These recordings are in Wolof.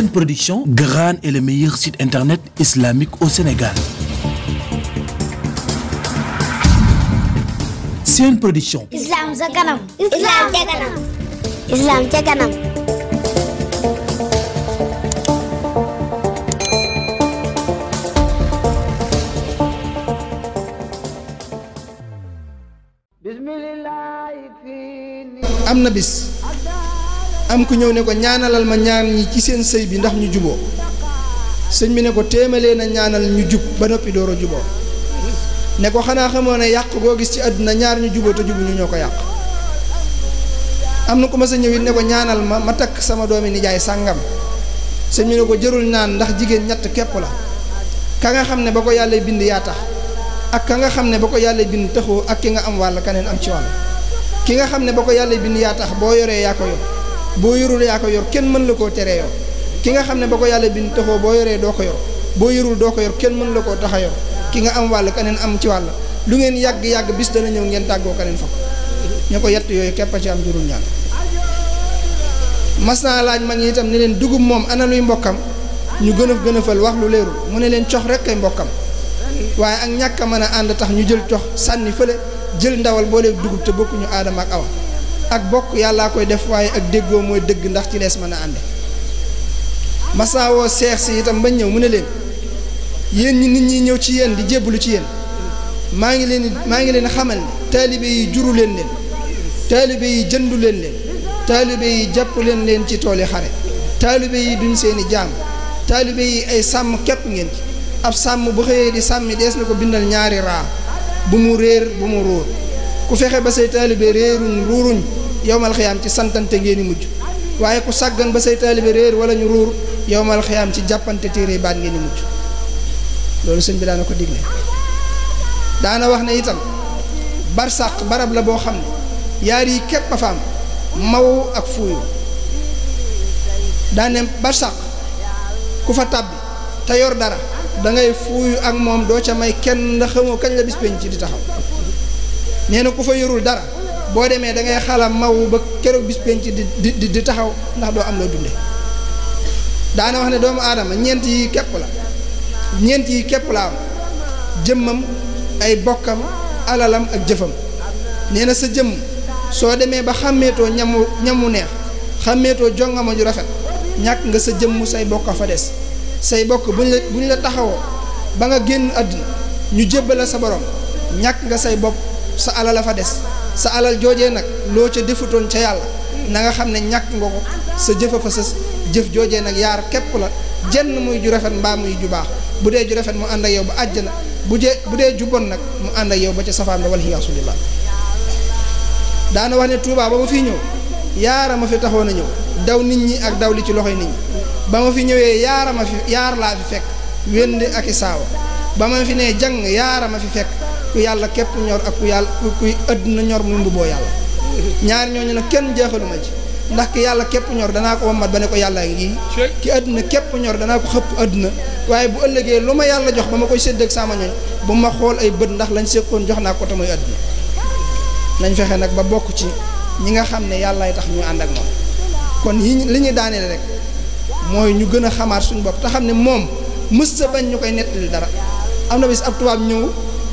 une Production, Gran est le meilleur site internet islamique au Sénégal. une Production. Islam Zaganam. Islam Zaganam. Islam Zaganam. Bismillah. Amnabis. am ku ñëw ne ko ñaanalal ma ñaar ñi ci seen sëy bi ndax ñu juboo sëñ bi ne ko téemalee na ñaanal ñu jub ba noppi door a juboo ne ko xanaa xamoo ne yàq goo gis ci àdduna ñaar ñu juboo te jubu ñu ñoo ko yàq am na ku ma sa ñëw ne ko ñaanal ma ma takk sama doomi nijaay sàngam sëñ bi ne ko jërul naan ndax jigéen ñett képp la ka nga xam ne ba ko yàlla bind yaa tax ak ka nga xam ne ba ko yàlla bind taxoo ak ki nga am wàll kaneen am ci wàll ki nga xam ne ba ko yàlla bind yaa tax boo yoree yaa ko boo yorul yaa ko yor kenn mën la koo teree yor ki nga xam ne ba ko yàlla bind taxoo boo yoree doo ko yor boo yorul doo ko yor kenn mën la koo tax a yor ki nga am wàll keneen am ci wàll lu ngeen yàgg-yàgg bis dana ñëw ngeen tàggoo keneen fa ñu ko yett yooyu kepp ci am jurul ñaan mas naa laaj itam ne leen dugub moom ana luy mbokkam ñu gën a gën a fal wax lu leerul mu ne leen cox rek kay mbokkam waaye ak ñàkk a mën a ànd tax ñu jël cox sànni fële jël ndawal booleeg dugub te bokkuñu aadama ak awa ak bokk yàllaa koy def waaye ak déggoo mooy dégg ndax ci lees mën a ànd masaawoo seex si itam bañ ñëw mu ne leen yéen ñu nit ñi ñëw ci yéen di jébbalu ci yéen maa ngi leen maa ngi leen xamal ne taalibe yi juru leen leen taalibe yi jëndu leen leen taalibe yi jàpp leen leen ci tooli xare taalibe yi duñ seeni jaam taalibe yi ay sàmm képp ngeen ci ab sàmm bu xëyee di sàmmi dees na ko bindal ñaari raa bu mu réer bu mu ruur ku fexe ba say taalibe réeruñ ruuruñ yowmal xiyaam ci santante ngeen di mujj waaye ku sàggan ba say taalibe réer wala ñu ruur yowmal xiyaam ci jàppante téere baat ngeen di mujj loolu sëñ bi daana ko digle daana wax ne itam barsàq barab la boo xam ne yaar yi képp a fa maw ak fuuyu daane barsàq ku fa tàbbi te yor dara dangay ngay fuuyu ak moom doo ca may kenn ndax xamoo kañ la bis ci di taxaw nee na ku fa yorul dara bo demee da ngay xala maw ba keroog bis penc di di di taxaw ndax do am dundé da na wax né doomu adam ñent yi képp la ñent yi képp la jëmmam ay bokkam alalam ak jëfam néna sa jëm so démé ba xàmmeetoo ñamu ñamu neex xàmmeetoo jongama ju rafet ñak nga sa jëm say bokk fa dess say bokk buñ la buñ ba nga genn ñu jëbbal sa borom ñak nga say bokk sa alal la fa des sa alal joojee nag loo ca defutoon ca yàlla na nga xam ne ñàkk nga ko sa jëfa fa sës jëf joojee nag yaar képp la jenn muy ju rafet mbaam muy ju baax bu dee ju rafet mu ànd ak yow ba àjjana bu dee bu dee ju nag mu ànd ak yow ba ca safaan ba wal xiyaasu billah daana wax ne Touba ba ma fiy ñëw yaara ma fi taxoon a ñëw daw nit ñi ak daw li ci loxoy nit ñi ba ma fi ñëwee yaara ma fi yaar laa fi fekk wéndi ak i saawa ba ma fi nee jàng yaara ma fi fekk ku yàlla képp ñor ak ku yàlla kuy àdduna ñor muy mbubboo yàlla ñaari ñooñu nag kenn jeexaluma ji ndax ki yàlla képp ñor danaa ko wammat ba ne ko yàlla ngi ki àdduna képp ñor danaa ko xëpp àdduna waaye bu ëllëgee lu ma yàlla jox ba ma koy sédd ak sama ñooñ bu ma xool ay bët ndax lañ séqoon jox naa ko te àdduna nañ fexe nag ba bokk ci ñi nga xam ne yàllaay tax ñu ànd ak moom kon yi li ñuy daaneel rek mooy ñu gën a xamaat suñu bopp te xam ne moom mës bañ ñu koy nettali dara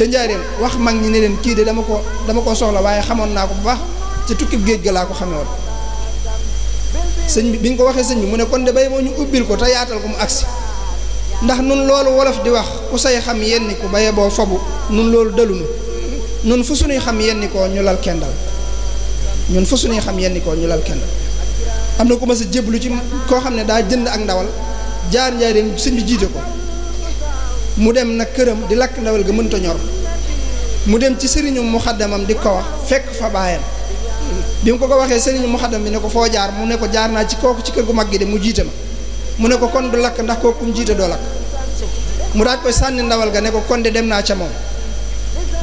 ca njaareem wax mag ñi ne leen kii de dama ko dama ko soxla waaye xamoon naa ko bu baax ca tukkib géej ga laa ko xamee woon sëñ bi bi ñu ko waxee sëñ bi mu ne kon de bay moo ñu ubbil ko te yaatal ko mu agsi ndax nun loolu wolof di wax ku say xam yenni ko baye boo fabu nun loolu dalunu nun fu suñuy xam yenni ko ñu lal kendal ñun fu suñuy xam yenni ñu lal am na ku ma sa jéblu ci koo xam ne daa jënd ak ndawal jaar njaareem sëñ bi jiite ko mu dem nag këram di lakk ndawal ga mënta ñor mu dem ci sëriñu muxaddamam di ko wax fekk fa baayam bi mu ko ko waxee sëriñu muxaddam bi ne ko foo jaar mu ne ko jaar naa ci kooku ci kër gu mag gi de mu jiite ma mu ne ko kon du lakk ndax kooku mu jiite doo lakk mu daaj koy sànni ndawal ga ne ko kon de dem naa ca moom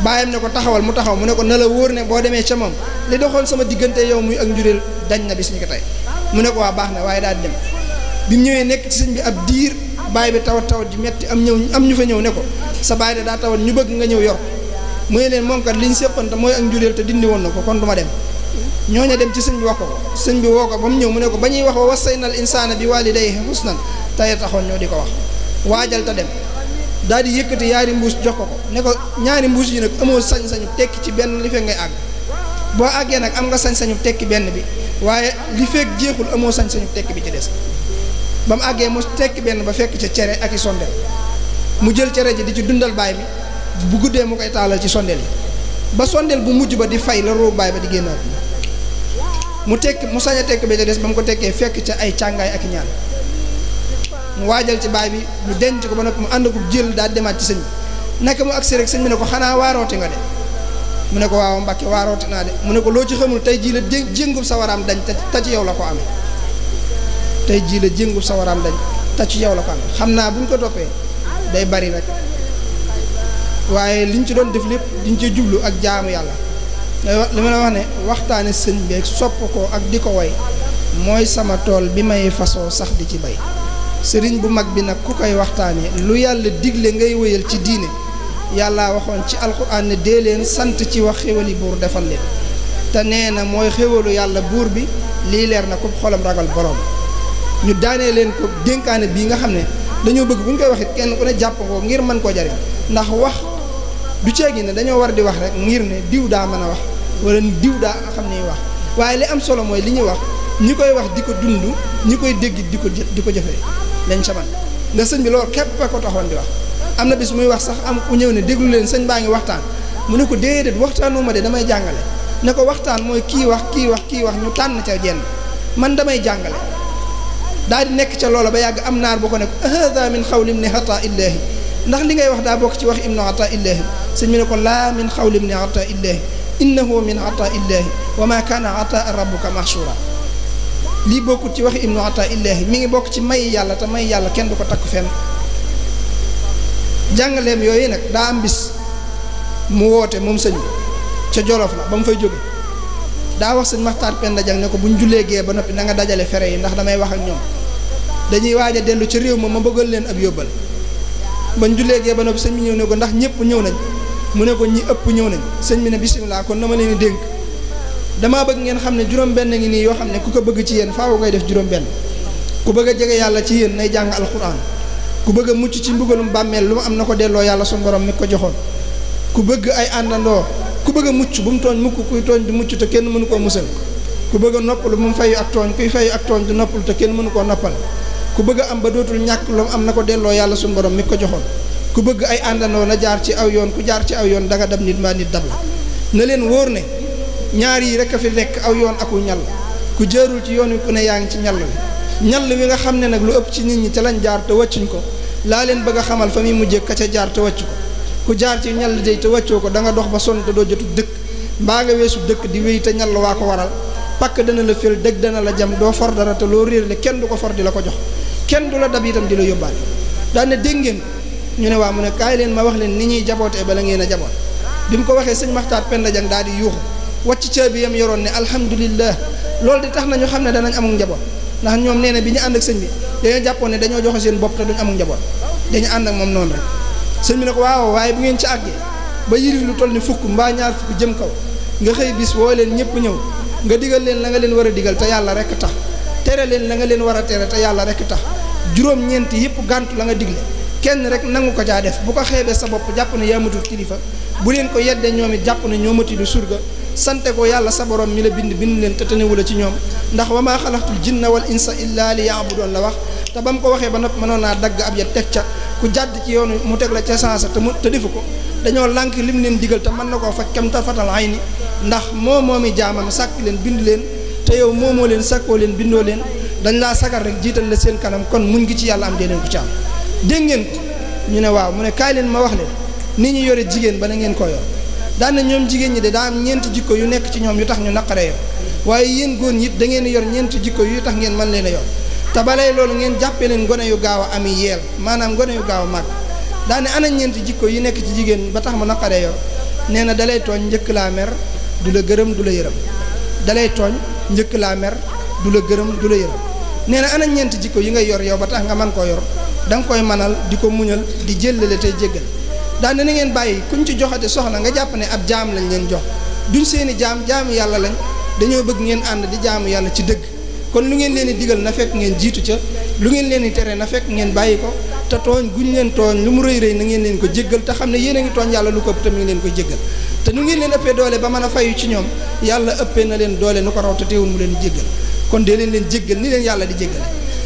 baayam ne ko taxawal mu taxaw mu ne ko na la wóor ne boo demee ca moom li doxoon sama diggante yow muy ak njureel dañ na bis ñu ko tey mu ne ko waa baax na waaye daal dem bi mu ñëwee nekk sëñ bi ab diir baay bi tawat tawat ji metti am ñëw am ñu fa ñëw ne ko sa baay daa tawat ñu bëgg nga ñëw yor mu ne leen moom li ñu séppante mooy ak njureel te dindi woon na ko kon du ma dem ñooñu dem ci sëñ bi wax ko ko sëñ bi woo ko ba mu ñëw mu ne ko ba ñuy wax wa wasaynal insaana bi waalidayhi husnan tey taxoon ñoo di ko wax waa waajal te dem daal di yëkkati yaari mbuus jox ko ko ne ko ñaari mbuus yi nag amoo sañ-sañu tekki ci benn li fekk ngay àgg boo àggee nag am nga sañ-sañu tekki benn bi waaye li fekk jeexul amoo sañ-sañu tekki bi ci des ba mu àggee mu tekki benn ba fekk ca cere ak i sondeel mu jël cere ji di ci dundal baay bi bu guddee mu koy taalal ci sondeel yi ba sondeel bu mujj ba di fay la ruubaay ba di génnaat mu tekk mu sañ a tekk be ca des ba mu ko tekkee fekk ca ay càngaay ak ñaan mu waajal ci baay bi mu denc ko ba noppi mu ànd ko jël daal demaat ci sëñ bi naka mu agsi rek sëñ bi ne ko xanaa waarooti nga de mu ne ko waaw Mbàkke waarooti naa de mu ne ko loo ci xamul tey jii la jé jéngub sawaraam dañ te ci yow la ko amee tey jii la jéngub sawaraam dañ te ci yow la ko amee xam naa bu ko toppee day bari nag. waaye liñ ci doon def lépp diñ ci jublu ak jaamu yàlla li ma la wax ne waxtaane sën bi ak sopp ko ak di ko woy mooy sama tool bi may fasoo sax di ci bay sëriñ bu mag bi nag ku koy waxtaane lu yàlla digle ngay wéyal ci diine yàlla waxoon ci alxuraan ne dee leen sant ci wax xéwali buur defal leen te nee na mooy xéwalu yàlla buur bi lii leer na ko xolam ragal borom ñu daanee leen ko dénkaane bii nga xam ne dañoo bëgg bu ñu koy waxit kenn ku ngir mën koo jariñ du ceegi ne dañoo war di wax rek ngir ne diw daa mën a wax wala diw daa nga xam ni wax waaye li am solo mooy li ñu wax ñi koy wax di ko dund ñi koy dégg di ko di ko jëfee lañ ca man ndax sëñ bi loolu képp a ko taxoon di wax am na bis muy wax sax am ku ñëw ne déglu leen sëñ baa ngi waxtaan mu ne ko déedéet waxtaanu ma de damay jàngale ne ko waxtaan mooy kii wax kii wax kii wax ñu tànn ca jenn man damay jàngale daal di nekk ca loola ba yàgg am naar bu ko ne hada min ne xata illaahi ndax li ngay wax daa bokk ci wax ibnu ata illaahi sëñ bi ne ko laa min xawli ibni ata illaahi innahu min ata illaahi wa ma kaana ataa rabbuka mahshura lii bokkut ci waxi ibnu ata illaahi mi ngi bokk ci may yàlla te may yàlla kenn du ko takk fenn jàngaleem yooyu nag daa am bis mu woote moom sëñ bi ca jolof la ba mu fay jóge daa wax sëñ maxtaar penda jang ne ko bu ñu jullee gee ba noppi na nga dajale fere yi ndax damay wax ak ñoom dañuy waaj a dellu ci réew ma ma bëggal leen ab yóbbal bañ jullee gee ba noppi sëñ bi ñëw ne ko ndax ñëpp ñëw nañ mu ne ko ñi ëpp ñëw nañ sëñ bi ne bisimilah kon dama leen di dénk damaa bëgg ngeen xam ne juróom-benn ngi nii yoo xam ne ku ko bëgg ci yéen faaw ngay def juróom-benn ku bëgg a jege yàlla ci yéen nay jàng alxuraan ku bëgg a mucc ci mbugalum bàmmeel lu mu am na ko delloo yàlla suñu borom mi ko joxoon ku bëgg ay àndandoo ku bëgg a mucc bu mu tooñ mukk kuy tooñ du mucc te kenn mënu koo musal ku bëgg a noppalu bu mu fayu ak tooñ kuy fayu ak tooñ du noppalu te kenn mënu koo noppal ku bëgg a am ba dootul ñàkk lu am na ko delloo yàlla suñu borom mi ko joxoon ku bëgg ay àndandoon a jaar ci aw yoon ku jaar ci aw yoon danga dab nit mbaa la na leen wóor ne ñaar yi rek a fi nekk aw yoon aku ñal ku jërul ci yoon wi ku ne yaa ngi ci ñal wi ñal wi nga xam ne nag lu ëpp ci nit ñi ca lañ jaar te wàccuñ ko laa leen bëgg a xamal fa muy mujjee ka ca jaar te wàccu ko ku jaar ci ñal day te wàccoo ko da nga dox ba sonn te doo jotu dëkk mbaa nga weesu dëkk di wéy te ñal waa ko waral pakk dana la fél dëgg dana la jam doo for dara te réer le kenn du ko for di la ko jox kenn du la dab itam di la yóbbaale daan ne dégg ngeen ñu ne waa mu ne kaay leen ma wax leen ni ñuy jabootee bala ngeen a jaboot bi mu ko waxee sëñ Maxtaar Penda Jang daal di yuuxu wacc caabi yam yoroon ne alhamdulillah loolu di tax na ñu xam ne danañ amul njaboot ndax ñoom nee na bi ñu ànd ak sëñ bi dañoo jàppoon ne dañoo joxe seen bopp te duñ amul njaboot dañu ànd ak moom noonu rek sëñ bi ne ko waaw waaye bu ngeen ci àggee ba yiri lu toll ni fukk mbaa ñaar fukk jëm nga xëy bis woo leen ñëpp ñëw nga digal leen la nga leen war a digal te yàlla rek tax tere leen la nga leen war a tere te yàlla rek tax juróom-ñeent yëpp gàntu la nga digle kenn rek nangu ko caa def bu ko xeebee sa bopp jàpp ne yaa matul kilifa bu leen ko yeddee ñoom it jàpp na ñoo matilu surga sante ko yàlla sa borom mi la bind bind leen te tanewula ci ñoom ndax wa maa xalaqtul jinna wal insa illa li yaabudoon la wax te ba mu ko waxee ba nopp mënoon naa dagg ab ya teg ca ku jàdd ci yoonu mu teg la ca sansa te mu te defu ko dañoo lànk lim leen digal te mën na koo faj kam tarfatal ay ni ndax moo moomi jaamam sàkk leen bind leen te yow moomoo leen sàkkoo leen bindoo leen dañ laa sagar rek jiital la seen kanam kon muñ ngi ci yàlla am dee leen ko ci dégg ngeen ñu ne waaw mu ne kaay leen ma wax leen ni ñu yore jigéen ba na ngeen koo yor daan na ñoom jigéen ñi de daa am ñeenti jikko yu nekk ci ñoom yu tax ñu naqaree yor waaye yéen góor ñi it da ngeen yor ñeenti jikko yu tax ngeen mën leen a yor te balay loolu ngeen jàppe leen gone yu gaaw a ami yeel maanaam gone yu gaaw a màgg daa ne ana ñeenti jikko yi nekk ci jigéen ba tax mu naqaree yor nee na dalay tooñ njëkk laa mer la gërëm du la yërëm dalay tooñ njëkk laa mer la gërëm du la nee na ana ñeenti jikko yi ngay yor yow ba tax nga mën koo yor da nga koy manal di ko muñal di jëllale tey jéggal daane na ngeen bàyyi kuñ ci joxate soxla nga jàpp ne ab jaam lañ leen jox duñ seeni jaam jaamu yàlla lañ dañoo bëgg ngeen ànd di jaamu yàlla ci dëgg kon lu ngeen leen di digal na fekk ngeen jiitu ca lu ngeen leen tere na fekk ngeen bàyyi ko te tooñ guñ leen tooñ lu mu rëy rëy na ngeen leen ko jéggal te xam ne yéen a ngi tooñ yàlla lu ko ëpp tam leen ko jéggal te nu ngeen leen ëppee doole ba a fayu ci ñoom yàlla ëppee na leen doole ko raw te teewul mu leen jéggal kon dee leen leen jéggal ni leen yàlla di jéggale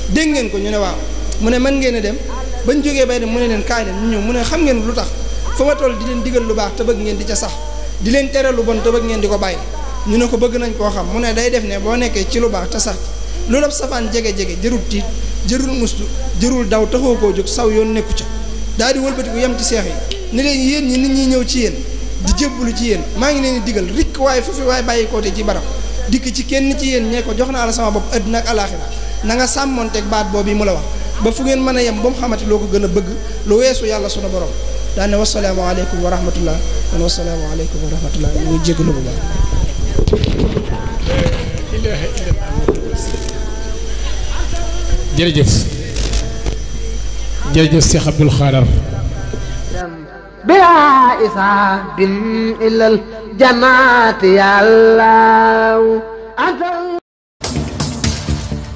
dégg ngeen ko ñu ne waaw mu ne mën ngeen a dem ba bañ jógee bay dem mu ne leen kaay leen ñu ñëw mu ne xam ngeen lu tax fa ma toll di leen digal lu baax te bëgg ngeen di ca sax di leen tere lu bon te ngeen di ko bàyyi ñu ne ko bëgg nañ koo xam mu ne day def ne boo nekkee ci lu baax te sax loolu ab safaan jege-jege jërul tiit jërul mustu jërul daw taxoo koo jóg saw yoon nekku ca daal di wëlbatiku yem ci seex yi ni yéen ñi nit ñëw ci yéen di jébbalu ci yéen maa ngi leen di digal rikk waaye foofu waaye bàyyi koote ci barab dikk ci kenn ci yéen ñee ko jox naa la sama bopp àddina ak alaaxira na nga sàmmonteeg baat boobu mu la wax ba fu ngeen mën a yam ba mu xamante loo ko gën a bëgg lu weesu yàlla sunu borom daane wasalaamu aleykum wa rahmatullah man wasalaamu aleykum wa rahmatullah ñu jégalu bu baax jërëjëf jërëjëf Cheikh Abdoul Khadar bila isaabin ilal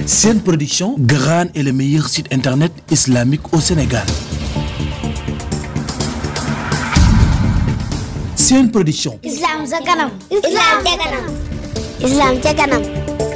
C'est une Production Gran est le meilleur site internet islamique au Sénégal une Production Islam Islam Islam